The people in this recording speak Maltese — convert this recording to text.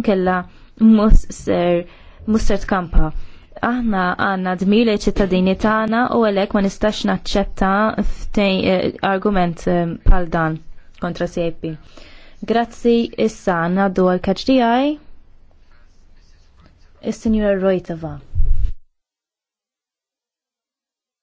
nkella musser musser tkampa. Aħna għanna dmir li ċittadini tagħna u għalhekk ma nistax naċċetta eh, argument eh, bħal dan kontra CIP. Grazzi issa għanna għal kaċ Is-Sinjura Rojtova.